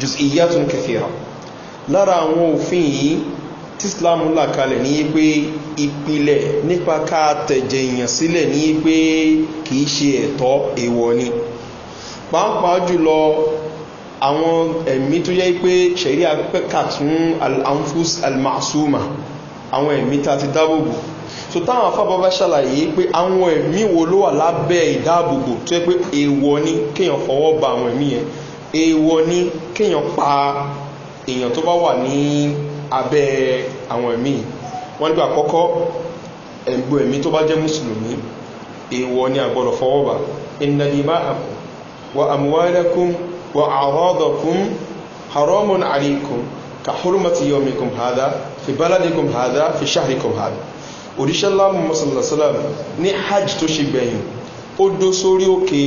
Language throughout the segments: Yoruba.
jùsìyàtún kẹfìrà كثيرة. àwọn òfin في tí islam là kalẹ̀ ní pé ìpìlẹ̀ nípa ká tẹ̀jẹ̀ èèyàn sílẹ̀ ní pé kìí ṣe ẹ̀tọ́ èwọ̀ ni pàápàá jùlọ àwọn ẹ̀mí tó yẹ́ pé ṣẹ̀rí apẹ́kà tún al-anfus al-masuma àwọn ẹ̀mí ta ti dábòbò so táwọn afábọ́ bá ṣàlàyé pé àwọn ẹ̀mí wo ló wà lábẹ́ ìdáàbòbò tó yẹ pé èèwọ̀ ni kéèyàn fọwọ́ ba àwọn ẹ̀mí yẹn èèwọ̀ ni kéèyàn pa èèyàn tó bá wà ní abẹ́ àwọn ẹ̀mí wọ́n nígbà àkọ́kọ́ ẹ̀gbọ́ ẹ̀mí tó bá jẹ́ mùsùlùmí èèwọ̀ ni àgbọ̀dọ̀ fọwọ́ bá ìnàdìmá àkù wa àmúwárẹ́kùn wa àrọ́dọ̀kùn haramun àríkùn kàhùrùmọ̀tì hàdá fi hàdá fi hàdá òdíṣẹ́ ńlá mọ́sánlọ́sálàm ní hajj tó ṣe gbẹ̀yìn ó dó sórí òkè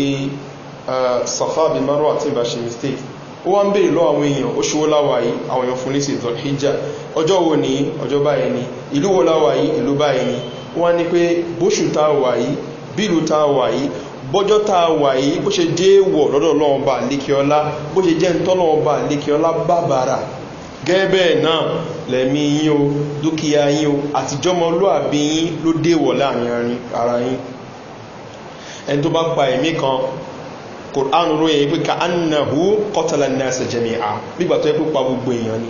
safa bin maro àti ìbáṣe mistake ó wá ń bèèrè lọ àwọn èèyàn ó ṣòwò láwàáyí àwọn èèyàn fún ní sí ìdọ̀híjà ọjọ́ wo ní ọjọ́ báyìí ni ìlú wo ìlú báyìí ni wọ́n ní pé bóṣù tá a wà yìí bílù tá a wà yìí bọ́jọ́ tá a wà yìí bó bá bó ṣe jẹ́ bá bàbàrà gẹ́ẹ̀bẹ̀ náà lẹ̀mí yí o dúkìá yí o àtijọ́mọ olóàbí yí ló déwọ̀ láàrin ara yí ẹni tó bá pa ẹ̀mí kan koran ròyìn yìí pé ka annahu kọtàlá náà sẹ̀jẹ̀mí à nígbà tó yẹ pé pa gbogbo èèyàn ni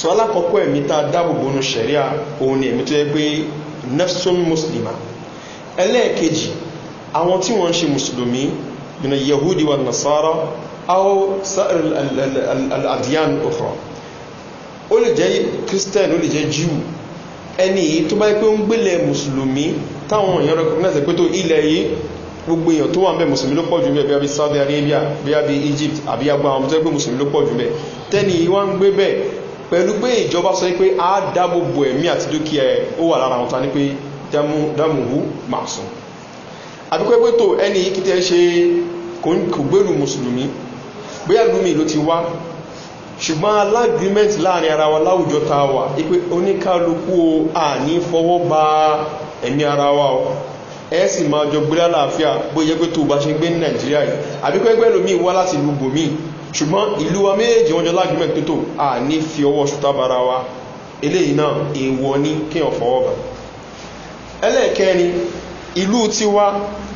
sọ alákọ̀ọ́kọ́ ẹ̀mí tá a dáàbòbò nu sẹ̀ríà òun ni ẹ̀mí tó yẹ pé nefson muslima ẹlẹ́ẹ̀kejì àwọn tí wọ́n ń ṣe mùsùlùmí yìí na yahudi wa nasara aw sa'ir al-adiyan al, al, al, al, al, al, al, al, al, ó lè jẹ́ christian ó lè jẹ́ jew ẹni yìí tó bá yẹ pé ó ń gbélẹ̀ mùsùlùmí táwọn èèyàn rẹ̀kọ̀mẹ́sẹ̀ pé tó ilẹ̀ yìí gbogbo èèyàn tó wà mẹ́ mùsùlùmí ló pọ̀jù mẹ́ bí saudi arabia bí i egypt àbí agbá àwọn tó gbé mùsùlùmí ló pọ̀jù mẹ́ tẹ́ni yìí wá ń gbé bẹ́ẹ̀ pẹ̀lú pé ìjọba sọ pé a dá gbogbo ẹ̀mí àti dúkìá ẹ̀ ó wà lára àwọn ta ní pé dámùhù màsùn àbíkọ́ pé tó ẹni yìí kìtẹ́ ṣe kò gbèrú mùsùlùmí bóyá lumi ló ti wá ṣùgbọ́n alágrímẹ́ntì láàrin ara wa láwùjọ ta wà ipé oníkálukú à ní fọwọ́ bá ẹ̀mí ara wa ọ ẹ sì máa jọ gbé lálàáfíà bó yẹ pé tó bá ṣe gbé ní nàìjíríà yìí àbíkọ́ ẹgbẹ́ lómi wá láti ìlú bòmí ṣùgbọ́n ìlú wa méjèèjì wọn jọ lágrímẹ́ntì tó tó à ní fi ọwọ́ ṣùtá bara wa eléyìí náà èèwọ̀ ní kí ọ̀ fọwọ́ bá ẹlẹ́ẹ̀kẹrin ìlú tiwa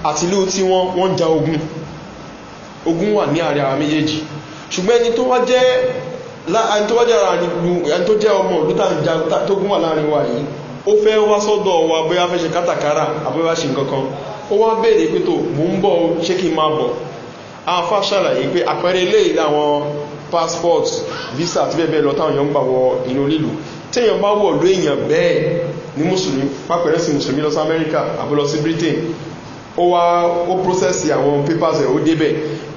àti ìlú tiwọn wọ́n ja ogun ogun wà ní àárín àwọn méjèèjì ṣùgbọ́n ẹni tó wá jẹ́ ẹni tó bá jẹ́ ẹni tó jẹ́ ọmọ òlú tó gún wà láàrin wa yìí ó fẹ́ wá sọ́dọ̀ wa bóyá fẹ́ ṣe kátàkárà àbúrẹ́wà ṣe nkankan ó wá bèèrè pé tó mú passport visa àti bẹ́ẹ̀ bẹ́ẹ̀ lọ táwọn èèyàn ń gbà wọ inú lílù téèyàn bá wọ̀ ló èèyàn bẹ́ẹ̀ ní mùsùlùmí pápẹ́rẹ́ sí mùsùlùmí lọ sí amẹ́ríkà àbí sí britain ó wá ó process àwọn papers ẹ̀ ó débẹ̀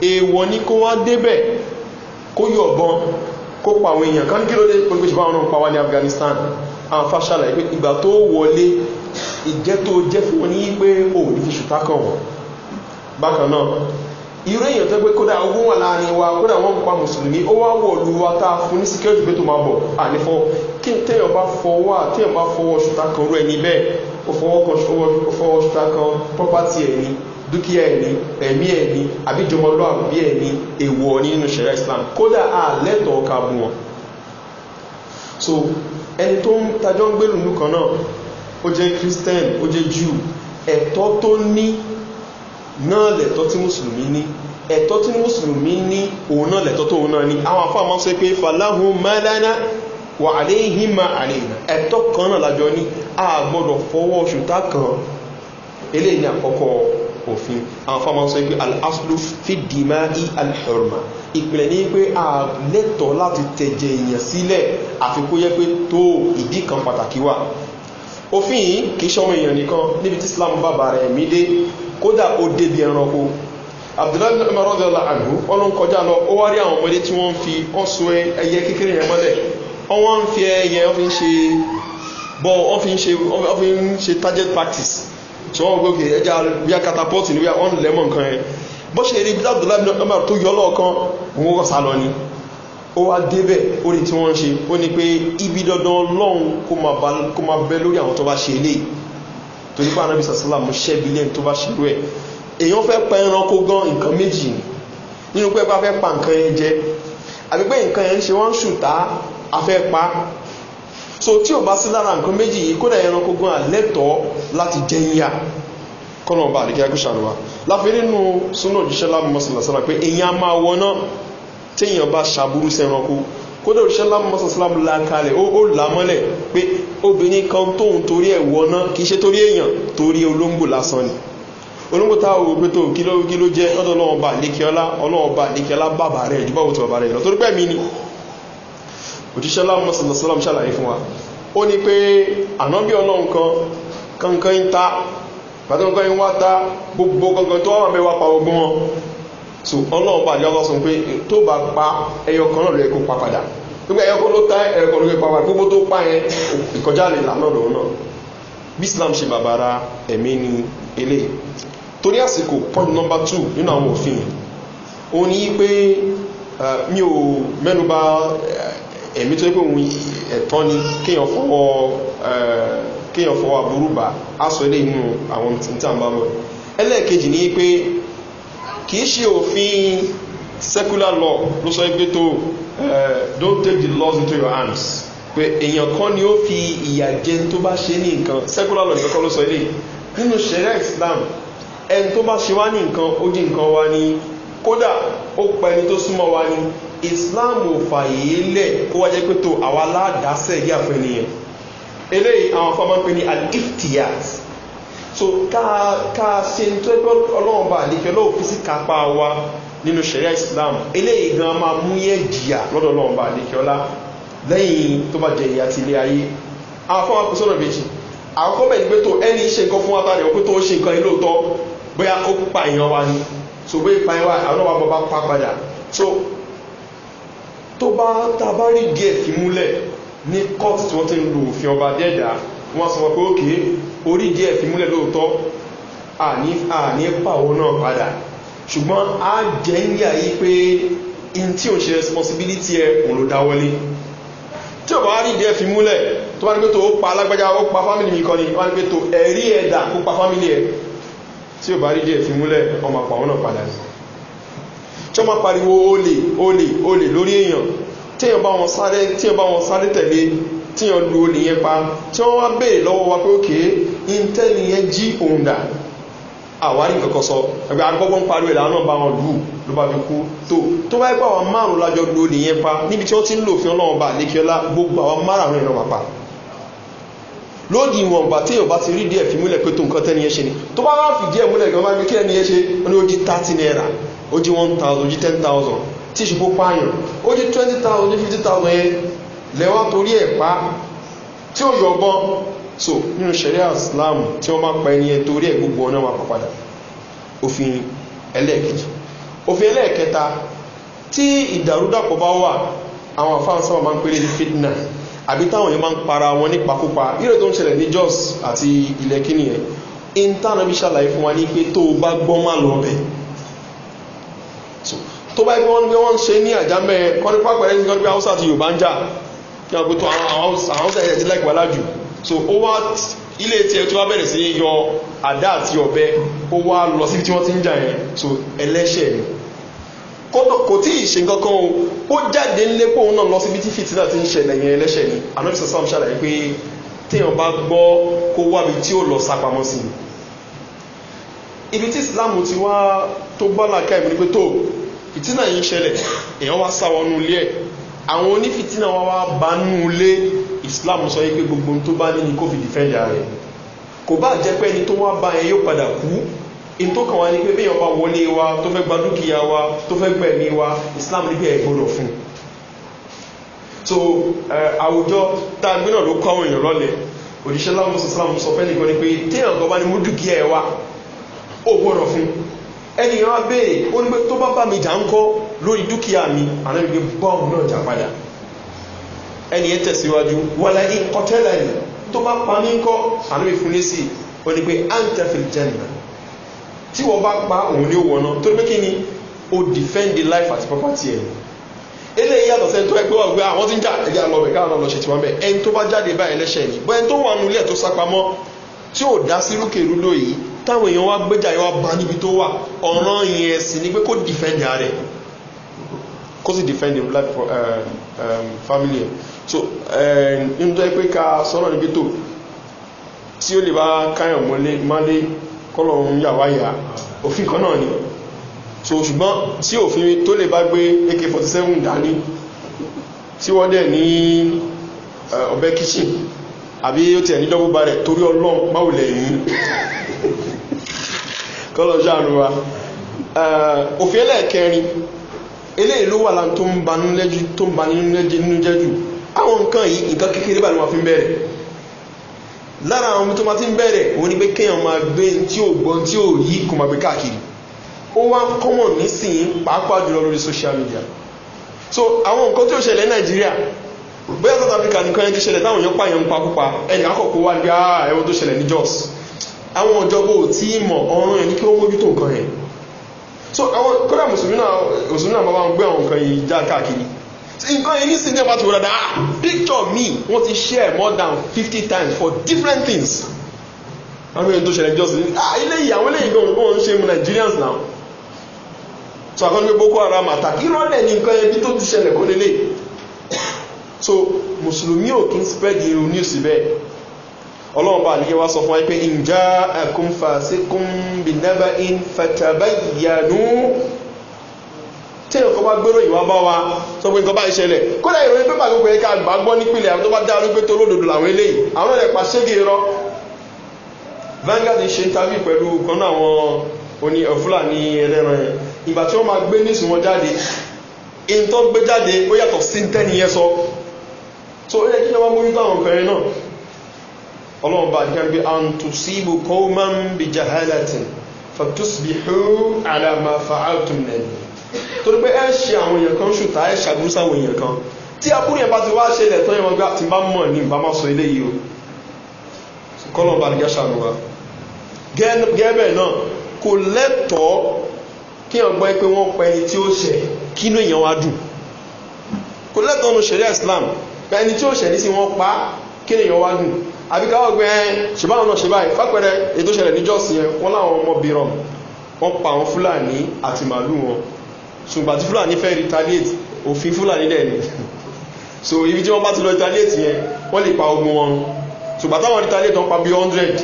èèwọ̀ ni kó wá débẹ̀ kó yọ̀ gan kó pa àwọn èèyàn kan kí ló dé pé ṣùgbọ́n àwọn pa wá ní afghanistan àfàṣàlà ìpé ìgbà tó wọlé ìjẹ́ tó jẹ́ fún wọn ní pé o ní fi ṣùtá kàn wọ́n bákan náà irú èèyàn tó pé kódà ogun wà láàrin wa kódà wọ́n pa mùsùlùmí ó wá wọ̀ lu wa tá a fún ní síkẹ́rìtì pé tó máa bọ̀ ànífọ́ kí n tẹ́yàn bá fọwọ́ àtẹ́yàn bá fọwọ́ ṣùtá kan rú ẹni bẹ́ẹ̀ ó fọwọ́ ṣùtá kan pọ́pátì ẹni dúkìá ẹni ẹ̀mí ẹni àbíjọmọlọ́ àbí ẹni èwọ̀ ní nínú ṣẹ̀rẹ̀ islam kódà à lẹ́tọ̀ọ́ ká bú wọn so ẹni tó ń tajọ́ ń gbèrú nù kan náà ó jẹ́ christian ó jẹ́ jew ẹ̀tọ́ tó ní náà lẹ̀tọ́ tí mùsùlùmí ní ẹ̀tọ́ tí mùsùlùmí ní òun náà lẹ̀tọ́ tó òun náà ní àwọn afọ́ àmọ́ sọ pé faláhùn mẹ́lẹ́nà wà àléhìn ma àléhìnà ẹ̀tọ́ kan náà lájọ ní àgbọ́dọ̀ fọwọ́ ṣùtá kan eléyìí ní àkọ́kọ́ òfin àwọn fọ́mọ́ sọ pé al-aslu fi dìímá i al ìpìlẹ̀ ní pé a lẹ́tọ̀ láti tẹ̀jẹ̀ èèyàn sílẹ̀ àfikún yẹ́ pé tó ìdí kan pàtàkì wà òfin yìí kìí ṣọmọ èèyàn nìkan níbi tí islam bàbá rẹ̀ mí dé kódà ó débi ẹranko abdullahi marodala àlù ọlọ́n kọjá lọ ó wá rí àwọn ọmọdé tí wọ́n fi ọ̀sọ̀ ẹyẹ kékeré yẹn target practice tí wọ́n gbé òkè ẹja bíi katapọ́ọ̀tì níbi àwọn lẹ́mọ̀ nǹkan yẹn bó ṣe rí bíi abdullahi bin umar tó yọ lọ́ọ̀kan òun wọ́n sá lọ ni ó wá débẹ̀ ó ní tí wọ́n ń ṣe ó ní pé ibi dandan lọ́hùn kó máa bẹ lórí àwọn tó bá ṣe eléyìí torí pé anabi sàṣàlá mo ṣẹ́ bí lẹ́yìn tó bá ṣe rú ẹ̀ èèyàn fẹ́ pa ẹranko gan nǹkan méjì nínú pé bá fẹ́ pa nǹkan yẹn jẹ àbí pé nǹkan yẹn ń ṣe wọ́n ń ṣùtá afẹ́ pa so tí ò bá sí lára nǹkan méjì yìí kódà ẹranko gan àlẹ́tọ̀ọ́ láti jẹ́ yíyà kọ́nà ọba àdìgẹ́ agbésàrùwá láfi nínú súnà òjíṣẹ́ lámùmọ́sàlásàlá pé èyàn máa wọná téèyàn bá ṣàbúrú sẹ́ranko kódà òjíṣẹ́ lámùmọ́sàlásàlá làkàlẹ̀ ó làmọ́lẹ̀ pé obìnrin kan tóun torí ẹ̀ wọná kì í ṣe torí èèyàn torí olóńgbò lásán ni olóńgbò tá òwò pé tó kí ló jẹ́ ọ̀dọ̀ ọlọ́wọ́ba àdìkẹ́ọ́lá ọlọ́wọ́ba àdìkẹ́ọ́lá bàbá rẹ̀ ìdíbàwò tó bàbá rẹ̀ lọ torí pẹ́ mi ni òjíṣẹ́ láàmú sàlọ́sàlám ṣàlàyé fún wa ó ní pé ànábí ọlọ́run kan kankan ń ta pàtàkì ń wá ta gbogbo kankan tó wà mẹ́wàá pa ogun wọn so ọlọ́run bá àjọ lọ́sùn pé tó bá pa ẹyọ kan náà lóye kó pa padà gbogbo ẹyọ kan ló ta ẹyọ kan lóye gbogbo tó pa yẹn ìkọjá lè lànà náà bí islam ṣe bàbára ẹ̀mí ni eléyìí torí àsìkò point number two nínú àwọn òfin òun ni pé eh, mi ò mẹ́nuba eh, ẹ̀mí tó pé òun ẹ̀tọ́ ni kéèyàn fọwọ́ aburú bá aṣọ ilé inú àwọn tìǹtàǹbà mọ́ ẹlẹ́ẹ̀kejì ní pé kìí ṣe òfin secular law ló sọ pé tó don't take the laws into your hands pé èèyàn kan ni ó fi ìyà jẹ tó bá ṣe ní nǹkan secular law nìkan kọ́ ló sọ ilé nínú ṣẹlẹ̀ islam ẹni tó bá ṣe wá ní nǹkan ó jí nǹkan wá ní kódà ó pa ẹni tó súnmọ́ wá ní islam ò fàyè lẹ̀ kó wájẹ́ pé tó àwa aládàásẹ̀ yà fún ènìyàn àwọn afọ́mọ́ pé ní aliftiyat so ká ṣe tó ẹgbẹ́ ọlọ́run bá àdìkẹ́ fi sí kápá wa nínú sẹ̀ríà islam eléyìí gan máa mú yẹ jìyà lọ́dọ̀ ọlọ́run bá àdìkẹ́ ọlá lẹ́yìn tó bá jẹ ìyá ti ilé ayé àwọn afọ́mọ́ pèsè ọ̀nà méjì àkọ́kọ́ bẹ̀ ni pé tó ẹni ṣe nǹkan fún abáre ọkọ́ ó pa èèyàn wa so bóyá pa èèyàn wa àwọn ọmọ so tó bá tàbá rí gẹ̀ẹ́fì múlẹ̀ ní court tí wọ́n ti ń lo òfin ọba dẹ́dà wọ́n sọ pé ókè orí gẹ̀ẹ́fì múlẹ̀ lóòótọ́ àní pàwọ́ náà padà ṣùgbọ́n a jẹ́ ń yí pé in tí ò ń ṣe responsibility ẹ òun ló dáwọ́lé tí ò bá rí gẹ̀ẹ́fì múlẹ̀ tó bá ní pé tó pa alágbájá ó pa fámìlì mi kan ni wọ́n ní pé tó ẹ̀rí ẹ̀dà kó pa fámìlì ẹ̀ tí ò rí gẹ̀ẹ́fì múlẹ̀ ọmọ pàwọ́ náà padà ni tí wọ́n máa pariwo olè olè olè lórí èèyàn tíyàn bá wọn sáré tíyàn bá wọn sáré tẹ̀lé tíyàn lu olè yẹn pa tí wọ́n wá béèrè lọ́wọ́ wa pé òkè intanet yẹn jí òun dà àwárí nǹkan kan sọ ẹgbẹ́ agbọ́gbọ́n pariwo ìlànà náà bá wọn lù ló bá fi kú tó tó bá ipá àwọn márùn lájọ lu olè yẹn pa níbi tí wọ́n ti ń lò fi ọlọ́run bá lékiọlá gbogbo àwọn márùn ìran pàpà lóòdì ìwọ̀nba tí yóò bá ti rí díẹ̀ fi múlẹ̀ pé tó nǹkan tẹ́ni ẹ ṣe ni tó bá wá fìdí ẹ̀ múlẹ̀ gan-an bá gbé kí ẹni ẹ ṣe ó ní ó di thirty naira one thousand, 1000 ó jí 10000 tí ìṣùpó pààyàn ó jí 20000 ní fifty thousand lẹ́wà torí ẹ̀ pa tí ó yọ̀bọn so nínú sẹ̀ríà islam tí wọ́n má pa ẹni ẹ torí ẹ̀ gbogbo ọ̀nà wà pàpàdà òfin ẹlẹ́ẹ̀kejì òfin ẹlẹ́ẹ̀kẹta tí ìdàrúdàpọ̀ bá wà àwọn àfáà sábà máa ń pèrè ní fitna àbí táwọn yẹn máa ń para wọn ní pakópa ìrẹ́ tó ń ṣẹlẹ̀ ní jos àti ilẹ̀ kíni yẹn intanẹ́bí ṣàlàyé fún wa ní pé tó o bá gbọ́ má lọ bẹ́ẹ̀ tó bá gbé wọn gbé wọn ṣe ní àjámẹ́ kọ́ni pápẹ́rẹ́ ní kọ́ni haúsá àti yorùbá ń jà kí wọ́n tó àwọn haúsá ẹ̀jẹ̀ ti láìpẹ́ alájù so ó wá ilé tiẹ̀ tó wá bẹ̀rẹ̀ sí yọ àdá àti ọ̀bẹ ó wá lọ síbi tí wọ́n ti ń jà yẹn so ẹlẹ́ṣẹ̀ ni kò tí ì ṣe kankan o ó jáde nílé pé òun náà lọ síbi tí fìtínà ti ń ṣẹlẹ̀ yẹn ẹlẹ́ṣẹ̀ ni anabi sasam ṣàlàyé pé téèyàn bá gbọ́ kó wábi tí ó lọ sápamọ́ sí ibi tí islam ti wá tó bá làákà ìmúni pé tó fìtínà yìí ṣẹlẹ̀ èèyàn wá sá wọnú ilé ẹ̀ àwọn onífìtínà wá wá bá nú islam sọ pé gbogbo tó bá ní ní covid rẹ̀ kò bá jẹ́ pé ẹni tó wá bá ẹ yóò padà kú in tó kàn wá ní pé béèyàn bá wọlé wa tó fẹ́ gba dúkìá wa tó fẹ́ wa islam so àwùjọ tá a gbénà ló kọ́ àwọn èèyàn lọ́lẹ̀ sọ nìkan ni pé téèyàn bá ní mú wa ó ẹni ìran béèrè ó ní pé tó bá bá mi jà ń kọ́ lórí dúkìá mi ànábìgbé bọ́ọ̀mù náà jà padà ẹni ẹ tẹ̀síwájú wàlá ìkọtẹ́lá ni tó bá pa mí ń kọ́ ànábì fún lé sí ó ní pé antefil jẹ́nà tí wọ́n bá pa òun ní wọ̀nà tó ní pé kí ni o defend the life àti property ẹ̀ eléyìí yàtọ̀ sẹ́ni tó ẹgbẹ́ wà pé àwọn tí ń jà ẹ̀yà lọ́bẹ̀ káwọn lọ́ọ́ ṣe tiwọn bẹ́ẹ̀ ẹni tó bá jáde báyìí lẹ́sẹ̀ ni bọ́ ẹni tó wà nulẹ̀ tó sápamọ́ tí ò dá sí lóyìí táwọn èèyàn wá gbéjà yọ bá níbi tó wà ọ̀ràn yẹn sì ni pé kó defend rẹ̀ kó sì defend him life for um, family so eh, nínú tó yẹ pé ká sọ́nà níbi tó tí ó lè bá káyọ̀ mọ́lé kọ́lọ̀ ń yà wáyà òfin kan náà ni so ṣùgbọ́n tí òfin tó lè bá gbé ak-47 dání tí wọ́n dẹ̀ ní ọ̀bẹ kitchen àbí ó tiẹ̀ ní double barrel torí ọlọ́run máwùlẹ̀ yìí kọ́lọ̀ ṣàánú wa òfin ẹlẹ́ẹ̀kẹrin eléyìí ló wà láti tó ń banú lẹ́jú tó ń banú lẹ́jú nínú jẹ́jù àwọn nǹkan yìí nǹkan kékeré bá ní wọn fi bẹ̀rẹ̀ lára àwọn tó máa ti bẹ̀rẹ̀ òun ni pé kéèyàn máa gbé tí ò gbọ́n tí ò yí kò máa gbé káàkiri ó wá kọ́mọ̀ nísìnyí pàápàá jùlọ lórí social media so àwọn nǹkan tí ó ṣẹlẹ̀ nàìjíríà bóyá south africa nìkan yẹn ti ṣẹlẹ̀ táwọn èèyàn pààyàn ń pa púpa ẹnì akọ̀kọ̀ wá ní ah, ẹ̀wọ̀n tó ṣẹlẹ̀ ní jos àwọn ọ̀jọ́gbò tí mọ̀ ọ̀rún ẹ̀ ní kí ó mójútó nǹkan ẹ̀ so àwọn kọ́dà mùsùlùmí náà òsùn náà máa ń gbé àwọn nǹkan yìí já káàkiri nǹkan yìí ní síndé bá ti wọ́n ah, picture me wọ́n ti share more than 50 times for different things àwọn èèyàn tó ṣẹlẹ̀ jọ́sìn ah ilé yìí àwọn eléyìí gan gan ń ṣe mu nigerians now so àkọ́ni pé boko haram àtàkì ìrọ̀lẹ́ ní nǹkan ẹbí tó ti ṣẹlẹ̀ kó lélẹ̀ so mùsùlùmí ò kí ń spread the news ìsìn bẹ́ẹ̀ ọlọ́run bá àlíyé wá sọ fún wa pé ìjà ẹ̀kún fàṣíkún bìnẹ́bà in fẹ̀tẹ̀bẹ̀ ìyànú tí èèyàn kan bá gbérò ìwà bá wa sọ pé nǹkan bá ìṣẹ̀lẹ̀ kódà ìròyìn pépà gbogbo yẹn ká gbà gbọ́ nípìnlẹ̀ àwọn tó bá dá arúgbó tó lódodo làwọn eléyìí àwọn náà lè pa ṣégi irọ́ Vanguard ṣe interview pẹ̀lú kan náà àwọn oní fúlàní ẹlẹ́ran yẹn ìgbà tí wọ́n máa gbé nísìn wọn jáde ìntọ́ gbé jáde ó yàtọ̀ sí tẹ́ni yẹn sọ so ó yẹ kí wọ́n mójútó àwọn ọkùnrin náà ọlọ́run bá kíkà gbé an tó síbò kọ́ọ̀mán bí jahalatin fàtúsbìhú alama fa'altum nẹ̀lú torí pé ẹ ṣe àwọn èèyàn kan ṣùtà ẹ ṣàgbúsà àwọn èèyàn kan tí abúrú yẹn bá ti wá ṣẹlẹ̀ tán yẹn wọn gbá ti bá mọ̀ ní ìbá má sọ ilé yìí o kọ́lọ̀n bá nígbà ṣàánú wa gẹ́ẹ̀bẹ̀ náà kò lẹ́tọ̀ọ́ kí èèyàn gbọ́ pé wọ́n pẹ́ tí ó ṣẹ̀ kí inú èèyàn wá dùn kò lẹ́tọ̀ọ́ nu ṣẹ̀rí islam pé tí ó ṣẹ̀ ní sí wọ́n pa kí èèyàn wá dùn àbí káwọ́ gbé ẹ́ ṣùgbọ́n àwọn náà ṣe báyìí fápẹ́rẹ́ ètò ìṣẹ̀lẹ̀ níjọ́sìn yẹn wọ́n láwọn ọmọ bìíràn wọ́n pa àwọn fúlàní àti màálù wọn ṣùgbọ́n àti fúlàní fẹ́ retaliate òfin fúlàní dẹ̀ ni so ibi tí wọ́n bá ti lọ retaliate yẹn wọ́n lè pa ogun wọn ṣùgbọ́n táwọn retaliate wọ́n pa bí 100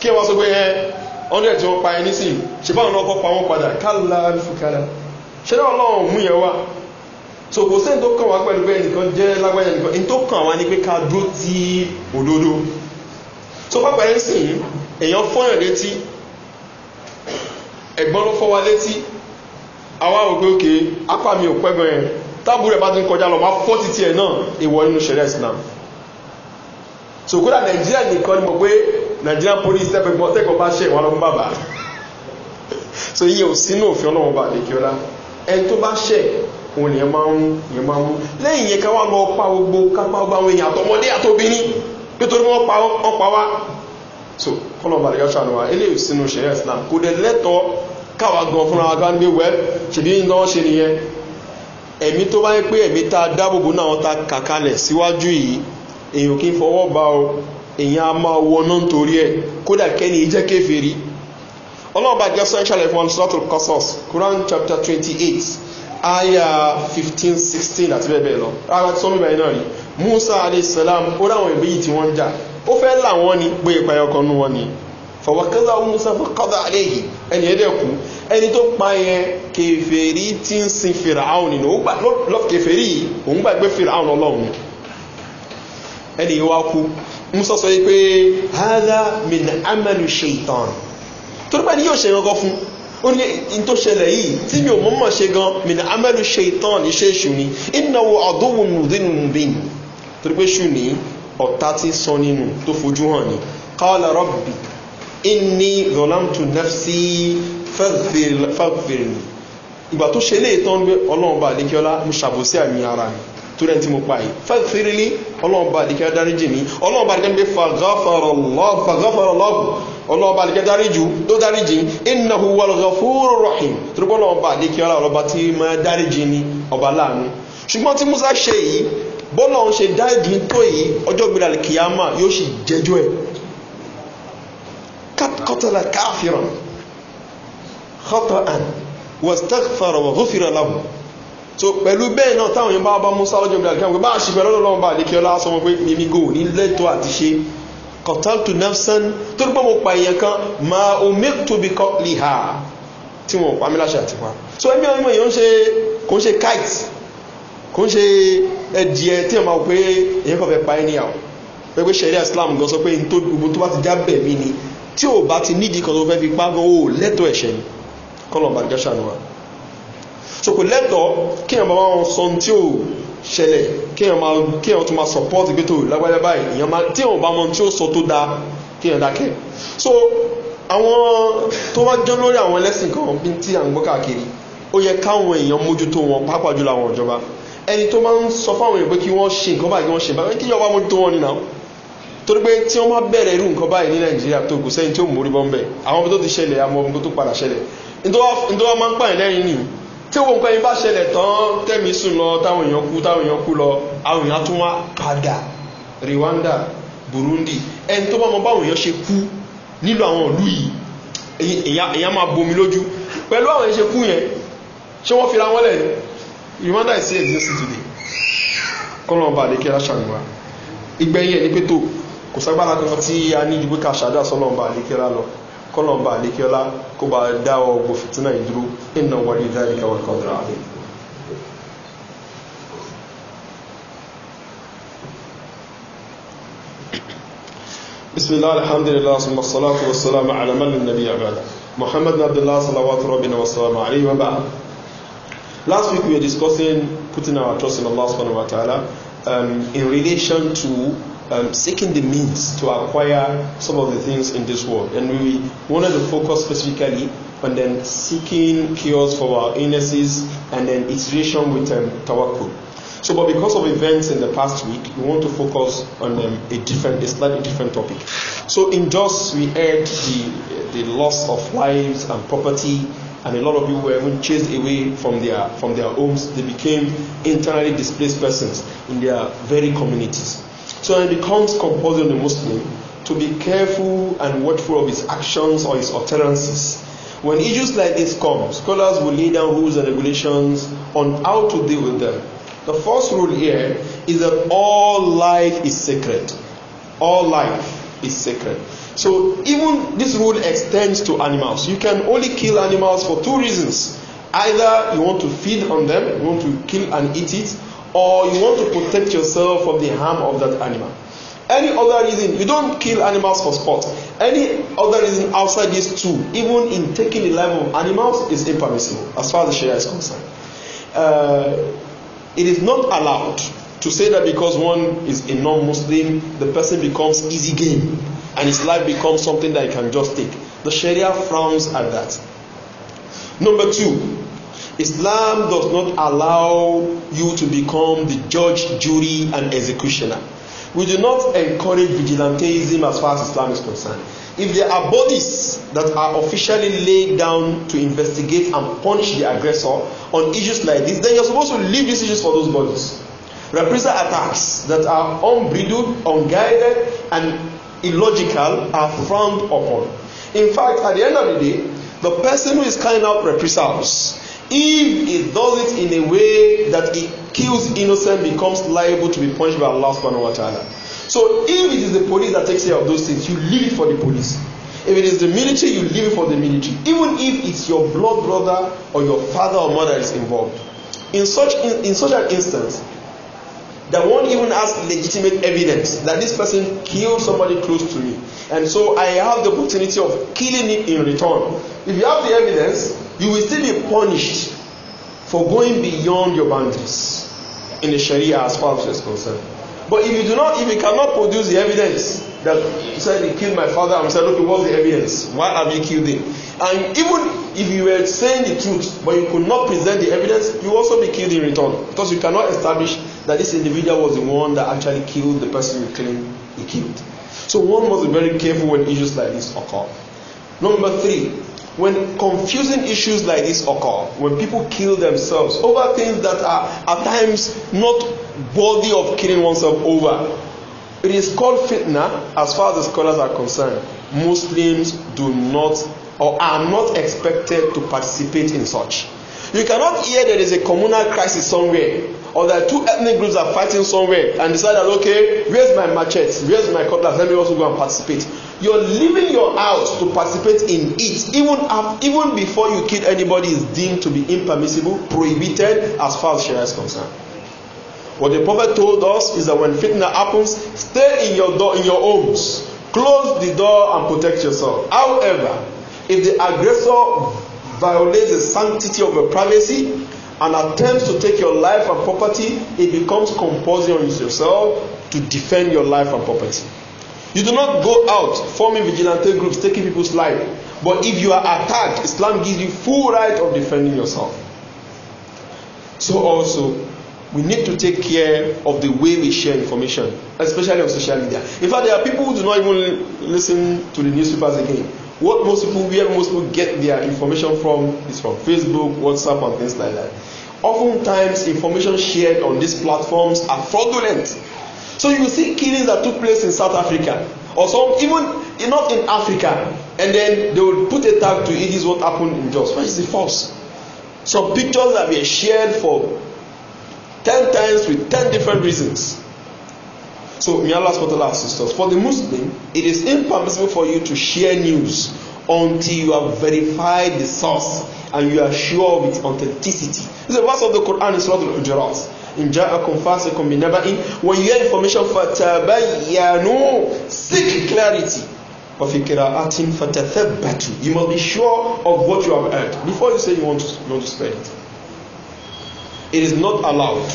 kí wọ́n sọ pé ẹ́ 100 tí wọ́n pa ẹni sí ṣùgbọ́n àwọn ọkọ̀ pa wọn padà kálá fúkálá ṣẹ́dá ọlọ́run so kò sẹ́ni tó kàn wá pẹ̀lú pé ẹnìkan jẹ́ lágbájá nìkan ní tó kàn wá ní pé ká dúró ti òdodo so pápá yẹn sìn èèyàn fọ́yàn létí ẹ̀gbọ́n ló fọ́ wa létí àwa ò pé òkè apá mi ò pẹ́gbọ́n yẹn tábù rẹ̀ bá ti ń kọjá lọ máa fọ́ títí ẹ̀ náà ìwọ nínú ṣẹlẹ̀ islam so kódà nàìjíríà nìkan ni mo pé nàìjíríà police tẹ́gbọ̀n tẹ́gbọ̀n bá ṣe ìwà lọ́mú bàbá so iye ò sínú òfin ọlọ́run bá òun yẹn máa ń yẹn máa ń mú lẹ́yìn yẹn káwà lọ pa gbogbo kápá gbogbo àwọn èèyàn àtọmọdé àtòbìní nítorí wọ́n pa wọ́n pa wá so kọ́nà balẹ̀ yọ́ṣà ni wa eléyìí sínú ṣẹ̀yà islam kò dẹ̀ lẹ́tọ̀ káwà gan fúnra wa gbáǹdé wẹ́ ṣèbí ń lọ́wọ́ ṣe nìyẹn ẹ̀mí tó bá yẹ pé ẹ̀mí tá a dábòbò náà ta kàkalẹ̀ síwájú yìí èèyàn kì í fọwọ́ ba o èèyàn a máa wọná nítorí ẹ̀ kódà kẹ́ni ìjẹ́ kéferì ọlọ́ọ̀bá jẹ́ sẹ́ńṣàlẹ̀ fún sọ́tò kọ́sọ́s quran chapter twenty eight aya 15 16 àti bẹ́ẹ̀ bẹ́ẹ̀ lọ ara tí sọ́mìbà iná rí musa aleyhisselam ó ráwọn ìbéyì tí wọ́n ń jà ó fẹ́ là wọ́n ni pé ìpayà ọkọ̀ nú wọn ni fọwọ́kẹ́lá musa fọkọ́dà àléyìí ẹni ẹ̀dẹ́kù ẹni tó pa yẹn kẹfẹ́rí tí ń sin fìràhùn nínú kẹfẹ́rí òun gbàgbé fìràhùn ọlọ́run ẹni ìwà kú musa sọ yìí pé hada min amalu shaitan torípẹ́ ni yóò ṣe ẹ̀rọ ó ní n tó ṣẹlẹ̀ yìí tí mi ò mọ̀ mọ̀ ṣe gan mina amẹ́lu ṣe ìtàn níṣẹ́ èṣù ni ìnáwó àdóhùn nùdínú nùbín torí pé ṣù ní ọ̀tá tí sọ nínú tó fojú hàn ní kọ́ọ̀lá rọ́bì inni zolamtu nafsi fẹ́fẹ́rẹ́ ìgbà tó ṣe lè tán gbé ọlọ́run bá àdékíọ́lá mo ṣàbòsí àmì ara mi tó rẹ̀ tí mo pa yìí fẹ́fẹ́rẹ́ ọlọ́run bá àdékíọ́lá dáríjì mi ọlọ́run bá àdékíọ́lá ọlọ́ọ̀bá ní kẹtàrí jù tó dárí jì iná huwa lọ́sọ̀ fúrò rọ̀hìn tó gbọ́n náà bá lékè ọlá ọlọ́ba tí máa dárí jì ní ọba láàánú ṣùgbọ́n tí musa ṣe yìí bọ́lá òun ṣe dárí jì tó yìí ọjọ́ gbéra kìyàmá yóò sì jẹjọ́ ẹ̀ kọ́tàlá káfíran kọ́tàn wọ́stẹ́fàrọ̀ wọ́fíran láwùn so pẹ̀lú bẹ́ẹ̀ náà táwọn yẹn bá bá musa lọ́jọ́ gbéra kìyàmá kọ̀tàltù nafsan tó rí pé mo pa èèyàn kan ma omirtu bi qatliha tí wọ́n pa mí àti pa so ẹ̀mí ọmọ èèyàn ṣe kò ń ṣe kite kò ń ṣe ẹ̀dìẹ tí wọ́n máa wò pé èèyàn kan fẹ́ pa ẹ́ níyàwó pé pé sẹ̀rí islam gan sọ pé n tó gbogbo tó bá ti já bẹ̀ mí ni tí ò bá ti nídìí kan tó fẹ́ fi pa gan o lẹ́tọ̀ ẹ̀ṣẹ̀ ni kọ́lọ̀ bàdìjọ́ ṣàánú wa so kò lẹ́tọ̀ kí ẹ̀ bá wọn sọ tí ò ṣẹlẹ̀ kí èèyàn tún máa support pé tó lágbájá báyìí tí èèyàn bá mọ tí ó sọ tó dáa kí dákẹ́ so àwọn tó bá jọ lórí àwọn ẹlẹ́sìn kan bí tí à ń gbọ́ káàkiri ó yẹ káwọn èèyàn mójútó wọn pàápàá jùlọ àwọn ìjọba ẹni tó máa ń sọ fáwọn èèyàn pé kí wọ́n ṣe nǹkan báyìí kí wọ́n ṣe báyìí kí ìjọba mójútó wọn nínú torí pé tí wọ́n bá bẹ̀rẹ̀ irú nǹkan báyìí ní nàìjíríà tó kù sẹ́yìn tí ó mórí bọ́ ń bẹ̀ tó ti ṣẹlẹ̀ àwọn ọmọ tó padà ṣẹlẹ̀ nítorí wọ́n máa ń pààyàn lẹ́yìn nìyí tí owó nǹkan yìí bá ṣẹlẹ̀ tán tẹ̀mí sùn lọ táwọn èèyàn kú táwọn èèyàn kú lọ àwọn èèyàn tún wá padà rwanda burundi ẹni tó bá mọ báwọn èèyàn ṣe kú nílò àwọn ìlú yìí èèyàn máa bomi lójú pẹ̀lú àwọn èèyàn ṣe kú yẹn ṣé wọ́n fira wọ́n lẹ̀ ni rwanda is still existing today kọ́nà ọba àdékè aṣàlùwà ìgbẹ́yìn ẹ̀ ní pé tó kò ságbára kankan tí a ní ju pé ṣàdá sọ́nà ọba àdékè rá kọlọmba àdékíọlá kó bá dáwọ ogun fìtínà ìdúró iná wọlé ìdáríkà wọn kọdùrà àdé bismillah alhamdulillah summa salatu wa salamu ala man nabi abada muhammad abdullah salawatu rabbina wa salamu alayhi wa ba'd last week we were discussing putting our trust in allah subhanahu wa ta'ala um, in relation to um, seeking the means to acquire some of the things in this world. And we wanted to focus specifically on then seeking cures for our illnesses and then iteration with um, tawakul. So, but because of events in the past week, we want to focus on um, a different, a slightly different topic. So, in just we heard the the loss of lives and property, and a lot of people were even chased away from their from their homes. They became internally displaced persons in their very communities. So it becomes compulsory on the Muslim to be careful and watchful of his actions or his utterances. When issues like this come, scholars will lay down rules and regulations on how to deal with them. The first rule here is that all life is sacred. All life is sacred. So even this rule extends to animals. You can only kill animals for two reasons. Either you want to feed on them, you want to kill and eat it, or you want to protect yourself from the harm of that animal. Any other reason, you don't kill animals for sport. Any other reason outside these two, even in taking the life of animals, is impermissible as far as the Sharia is concerned. Uh, it is not allowed to say that because one is a non Muslim, the person becomes easy game and his life becomes something that he can just take. The Sharia frowns at that. Number two, Islam does not allow you to become the judge, jury, and executioner. We do not encourage vigilantism as far as Islam is concerned. If there are bodies that are officially laid down to investigate and punish the aggressor on issues like this, then you're supposed to leave these issues for those bodies. Reprisal attacks that are unbridled, unguided, and illogical are frowned upon. In fact, at the end of the day, the person who is carrying out reprisals if he does it in a way that he kills innocent becomes liable to be punished by Allah subhanahu wa ta'ala. So if it is the police that takes care of those things, you leave it for the police. If it is the military, you leave it for the military. Even if it's your blood brother or your father or mother is involved. In such in, in such an instance, that one even has legitimate evidence that this person killed somebody close to me. And so I have the opportunity of killing him in return. If you have the evidence, you will still be punished for going beyond your boundaries in the sharia as far as is concerned but if you do not if you cannot produce the evidence that you said you killed my father i'm saying okay what's the evidence why have you killed him and even if you were saying the truth but you could not present the evidence you also be killed in return because you cannot establish that this individual was the one that actually killed the person you claim he killed so one must be very careful when issues like this occur number three when confusing issues like this occur, when people kill themselves over things that are at times not worthy of killing oneself over, it is called fitna as far as the scholars are concerned. Muslims do not or are not expected to participate in such. You cannot hear there is a communal crisis somewhere or that two ethnic groups are fighting somewhere and decide that okay, where's my machete? Where's my cutlass? Let me also go and participate your leaving your house to participate in it even af even before you kill anybody is deemed to be impermissible prohibited as far as sharia is concerned what the prophet told us is that when fitna happens stay in your door in your homes close the door and protect yourself however if the aggressor violates the sanctity of your privacy and attempts to take your life and property it becomes compulsory on yourself to defend your life and property You do not go out forming vigilante groups, taking people's lives, But if you are attacked, Islam gives you full right of defending yourself. So also, we need to take care of the way we share information, especially on social media. In fact, there are people who do not even listen to the newspapers again. What most people, where most people get their information from is from Facebook, WhatsApp, and things like that. Often times, information shared on these platforms are fraudulent So you see killings that took place in South Africa or some even not in Africa and then they would put a tag to it is what happened in Jos. Why is it false? Some pictures that were shared for ten times with ten different reasons. So may Allah subhanahu sisters, for the Muslim, it is impermissible for you to share news until you have verified the source and you are sure of its authenticity. This is the verse of the Quran in Surah Al-Hujurat in ja'akum fasiqun bi naba'in when you hear information fatabayyanu seek clarity of qira'atin fatathabbatu you must be sure of what you have heard before you say you want to, want to spread it it is not allowed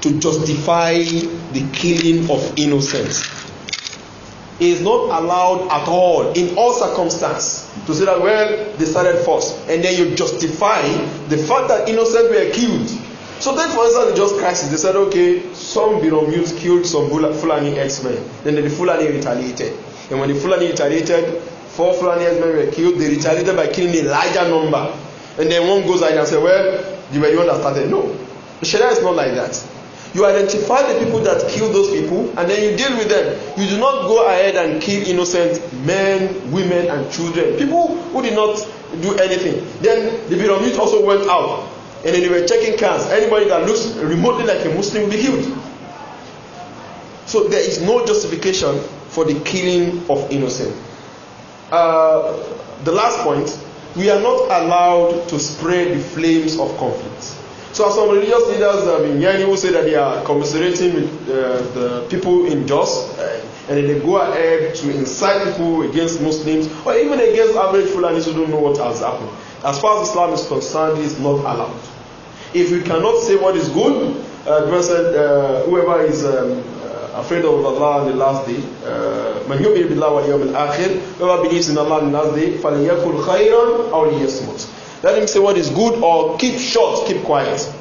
to justify the killing of innocents it is not allowed at all in all circumstances to say that well they started first and then you justify the fact that innocent were killed So then, for instance just crisis. They said, okay, some Birom youths killed some Fulani X-Men. Then the Fulani retaliated. And when the Fulani retaliated, four Fulani X-Men were killed. They retaliated by killing a larger number. And then one goes out and says, well, you were the one that started. No. Sharia is not like that. You identify the people that kill those people and then you deal with them. You do not go ahead and kill innocent men, women, and children. People who did not do anything. Then the Birom youth also went out and they were checking cars. Anybody that looks remotely like a Muslim will be killed. So there is no justification for the killing of innocent. Uh, the last point, we are not allowed to spread the flames of conflict. So as some religious leaders have been hearing who say that they are commiserating with uh, the people in Jos uh, and they go ahead to incite people against Muslims or even against average Fulanis who don't know what has happened. As far as Islam is concerned, it is not allowed. If we cannot say what is good, uh, blessed, uh, whoever is um, uh, afraid of Allah in the last day, من يؤمن بالله واليوم الآخر, whoever believes in Allah in the last day, فَلْيَكُلْ خَيْرًا أَوْ لِيَسْمُتْ Let him say what is good or keep short, keep quiet.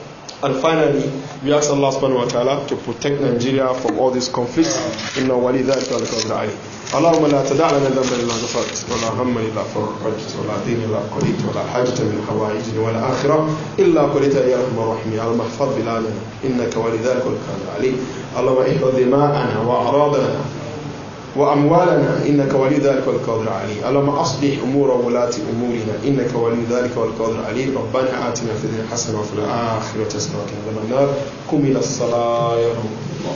And finally, we ask Allah subhanahu wa ta'ala to protect Nigeria from all these conflicts. إِنَّا وَلِذَا إِلَّا اللهم لا تدع لنا ذنبا الا غفرت ولا هما الا فرجت ولا دين الا قضيت ولا حاجه من حوائج اخرة الا قضيتها يا رحمن الرحيم اللهم احفظ بلادنا انك ولذلك القادر عليم اللهم احفظ دماءنا واعراضنا وأموالنا إنك ولي ذلك والقادر عليه اللهم أصلح أمور ولاة أمورنا إنك ولي ذلك والقادر عليه ربنا آتنا في الدنيا حسنة وفي الآخرة حسنة وقنا النار قم إلى الصلاة يا رب الله